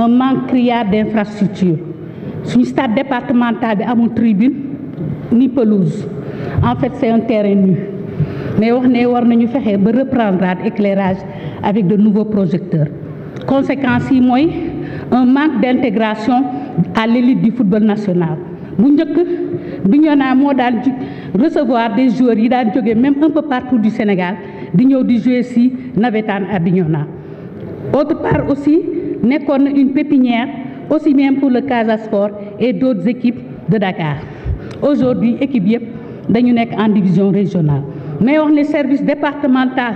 un manque criard Sur le stade départemental à mon tribune ni pelouse en fait c'est un terrain nu mais on ne war nañu reprendre l'éclairage avec de nouveaux projecteurs conséquence si un manque d'intégration à l'élite du football national Nous njëkk a recevoir des joueurs même un peu partout du Sénégal di ñëw di jouer à autre part aussi nous une pépinière aussi bien pour le Casa Sport et d'autres équipes de Dakar aujourd'hui l'équipe est en division régionale mais wax services service départemental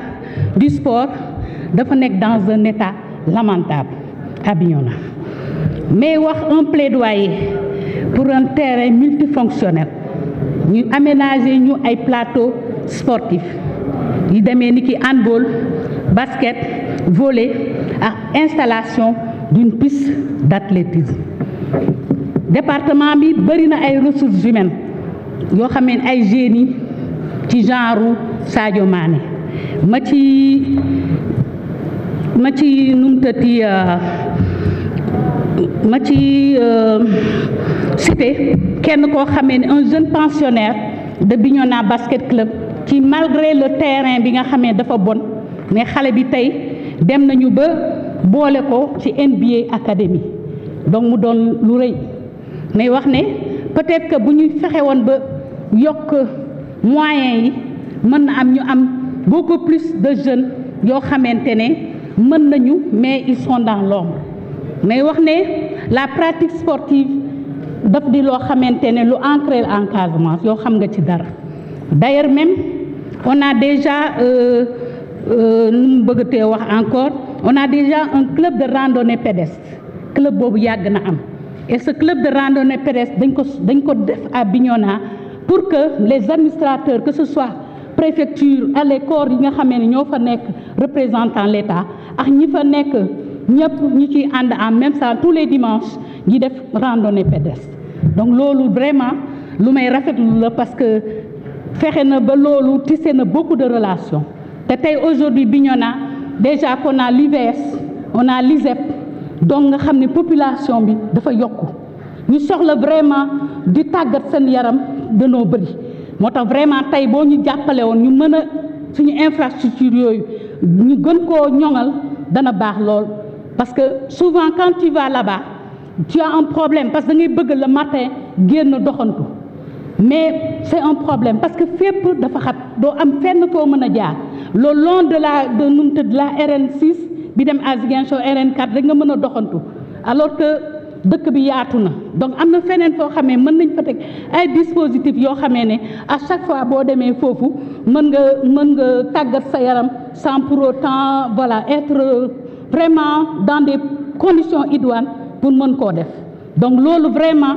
du sport dafa dans un état lamentable à Bignona mais wax un plaidoyer pour un terrain multifonctionnel Nous aménager ñu plateau sportif Nous avons des handball basket volé à installation d'une piste d'athlétisme département bi beaucoup na ressources humaines Il y des ay génie ci genre Sadio Mané ma ci ma ci euh, ma ci euh, cité kenn un jeune pensionnaire de Bignona Basket Club qui malgré le terrain bi nga xamé dafa bon mais dem nañu ba boole ko ci NBA Academy donc mu doon lu rëy mais wax ne peut-être que bu ñu fexe woon ba yokk moyen yi mën na am ñu am beaucoup plus de jeunes yoo xamante ne mën nañu mais ils sont dans l'ombre mais wax ne la pratique sportive daf di loo xamante ne lu ancré en Casamance yoo xam nga ci dara d'ailleurs même on a déjà euh, nous euh, mu bëgg wax encore on a déjà un club de randonnée pédestre club bobu yag na am et ce club de randonnée pédestre dañ ko dañ ko def à Bignona pour que les administrateurs que ce soit préfecture à les corps yi nga xamé ñoo fa nekk représentant l'État ak ñi fa nekk ñëpp ñi ci en même temps tous les dimanches ñi def randonnée pédestre donc loolu vraiment lu may rafetlu la parce que fexé na ba loolu tissé na beaucoup de relations aujourd'hui Bignona déjà qu'on a l'UVS on a l'ISEP donc nga xam la population bi dafa yokku ñu vraiment du tagat de yaram nos bëri moo vraiment tey boo ñu jàppale woon ñu nous a suñu infrastructure nous ñu gën koo parce que souvent quand tu vas là-bas tu as un problème parce que tu ngay bëgg le matin dors pas. mais c'est un problème parce que fépp dafa xat doo am fenn le long de la de nu mu la RN6 bi dem à RN4 rek nga mën a doxantu alors que deuk bi yaatu donc amna fenen feneen xamé xamee mën nañ fa teg ay dispositifs yo xamé né à chaque fois bo démé fofu mën nga mën nga tagat sa yaram sans pour autant voilà être vraiment dans des conditions idoines pour mën ko def donc lolu vraiment.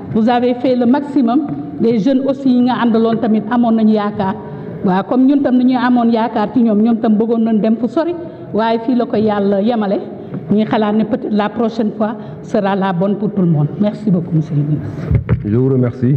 vous avez fait le maximum les jeunes aussi yi nga àndaloon tamit amoon nañu yaakaar comme ñun tam nañu amoon yaakaar ci ñoom ñoom tam bëggoon nañ dem fu sori waaye fii la ko yàlla yemale peut-être la prochaine fois sera la bonne pour tout le monde merci beaucoup monsieur le ministre. je vous remercie.